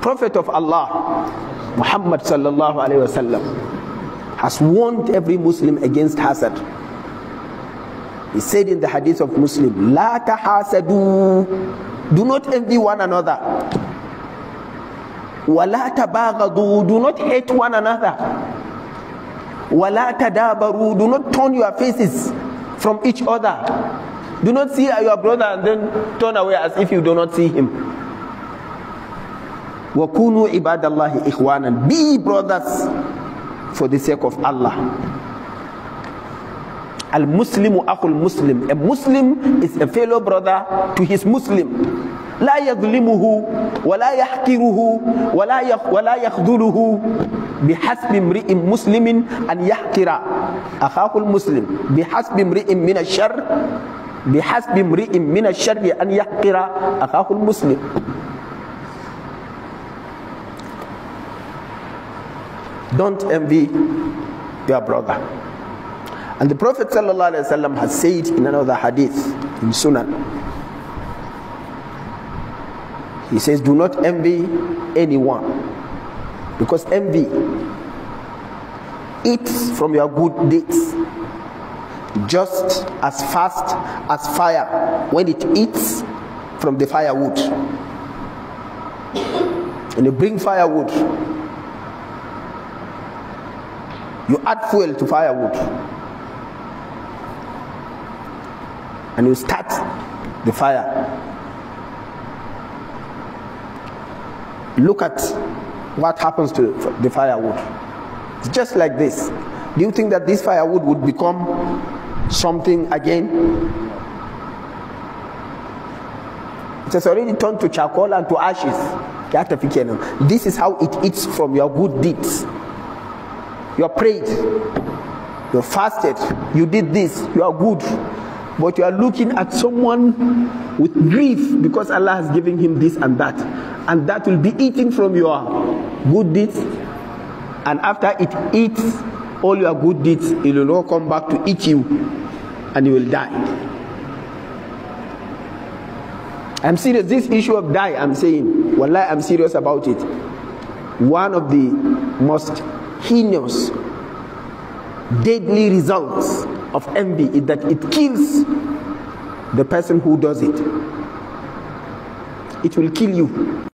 Prophet of Allah, Muhammad sallallahu alaihi wasallam, has warned every Muslim against hazard. He said in the hadith of Muslim, La tahasadu, do not envy one another. Wala tabagadu, do not hate one another. Wala tadabaru, do not turn your faces from each other. Do not see your brother and then turn away as if you do not see him. وَكُونُوا عِبَادَ اللَّهِ إِخْوَانًا Be brothers for the sake of Allah. المسلم أخو المسلم a Muslim is a fellow brother to his Muslim لا يظلمه ولا يحقره ولا ولا يخذله بحسب امرئ مسلم أن يحقر أخاه المسلم بحسب امرئ من الشر بحسب امرئ من الشر أن يحقر أخاه المسلم Don't envy your brother. And the Prophet ﷺ has said in another hadith in Sunan, he says, Do not envy anyone because envy eats from your good deeds just as fast as fire when it eats from the firewood. and you bring firewood, you add fuel to firewood. And you start the fire. Look at what happens to the firewood. It's just like this. Do you think that this firewood would become something again? It has already turned to charcoal and to ashes. This is how it eats from your good deeds. You prayed. You fasted. You did this. You are good. But you are looking at someone with grief because Allah has given him this and that. And that will be eating from your good deeds. And after it eats all your good deeds, it will all come back to eat you and you will die. I'm serious. This issue of die, I'm saying, Wallah, I'm serious about it. One of the most he knows deadly results of envy is that it kills the person who does it. It will kill you.